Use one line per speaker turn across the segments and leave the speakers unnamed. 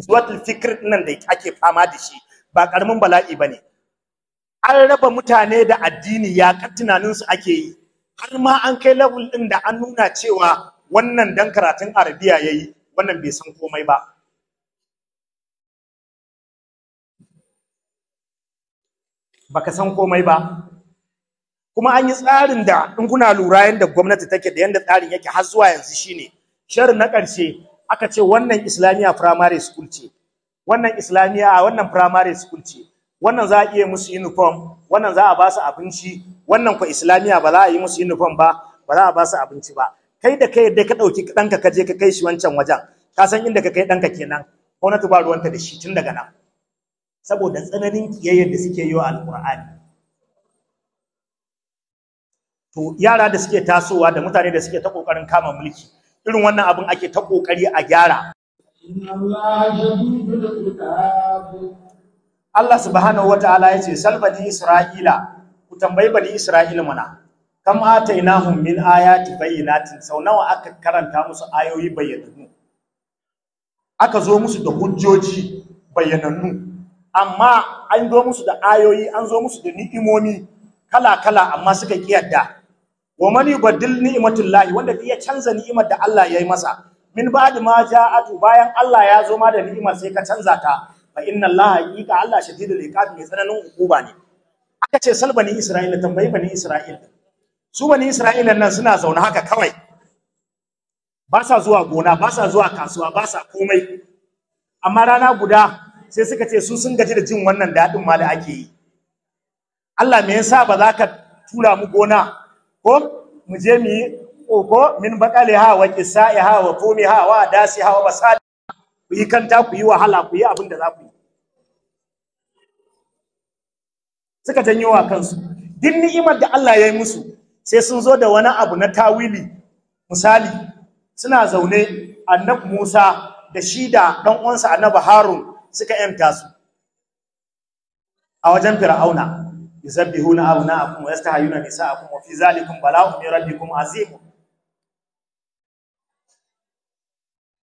zuwatul fikr nan da ake fama da shi ba karamin bala'i bane an raba mutane da addini ya kar tunanin su ake yi har ma an kai level din da an nuna cewa wannan dan karatun arabiya yayi wannan bai san komai ba baka san komai ba kuma an yi tsarin da in kuna lura yadda gwamnati take da yadda tsarin yake har zuwa yanzu shine sharri na ƙarshe aka ce wannan islamiya primary school ce wannan islamiyya a wannan primary school ce wannan za a iya musu uniform wannan za a ba su abinci wannan kwa islamiyya ba za a yi musu uniform ba ba za a ba su abinci ba kai da kai da ka ɗauki ɗanka ka je ka kai shi wancan wajen ka san inda ka kai ɗanka kenan gwamnati ba ruwanta da shi tun daga nan saboda tsananin kiyayyar da suke yi wa alƙur'ani to yara da suke tasowa da mutane da suke ta ƙoƙarin kama mulki irin wannan abin ake ta kokari a gyara Allah subhanahu wataala yace salba bani isra'ila ku tambayi bani isra'ila mana kam atainahum min ayati bayyinatin sau nawa aka karanta musu ayoyi bayyanannu aka zo musu da hujjoji bayyanannu amma an zo musu da ayoyi an zo musu da ni'imomi kala-kala amma suka ƙi yadda wa man yubaddil ni'matullahi wanda ya canza ni'imar da Allah ya yi masa min ba'di ma ja'atu bayan Allah ya zo ma da ni'imar sai ka canza ta fa inna Allah haqiqa Allah shadidul iqab mai tsananin hukuma ne aka ce salbani Isra'ila tambayi bani Isra'ila su bani Isra'ila nan suna zaune haka kawai ba sa zuwa gona ba sa zuwa kasuwa ba sa komai amma rana guda sai suka ce su sun gaji da jin wannan daɗin ma da ake yi Allah me yasa ba za ka tura mu gona ko mu je mi ko min ha wa ha wa ha wa ha wa basal ku yi kanta ku yi wahala ku yi abin da za ku yi suka janyo wa kansu duk ni'imar da Allah ya yi musu sai sun zo da wani abu na tawili misali suna zaune annabi Musa da shi da dan uwansa annabi Harun suka yanta su a wajen Fir'auna yusabbihuna abna'akum wa yastahiyuna nisa'akum wa fi zalikum bala'un min rabbikum azim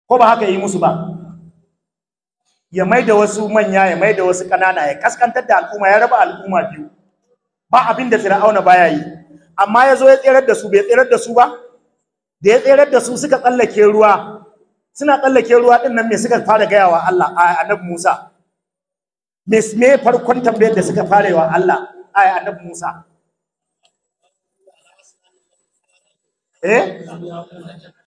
ko ba haka yi musu ba ya maida wasu manya ya maida wasu ƙanana ya kaskantar da al'umma ya raba al'umma biyu ba abin da fir'auna baya yi amma ya zo ya tserar da su bai tserar da su ba da ya tserar da su suka tsallake ruwa suna tsallake ruwa din nan me suka fara gaya wa Allah annabi Musa me me farkon tambayar da suka fara yi wa Allah ay annabi Musa eh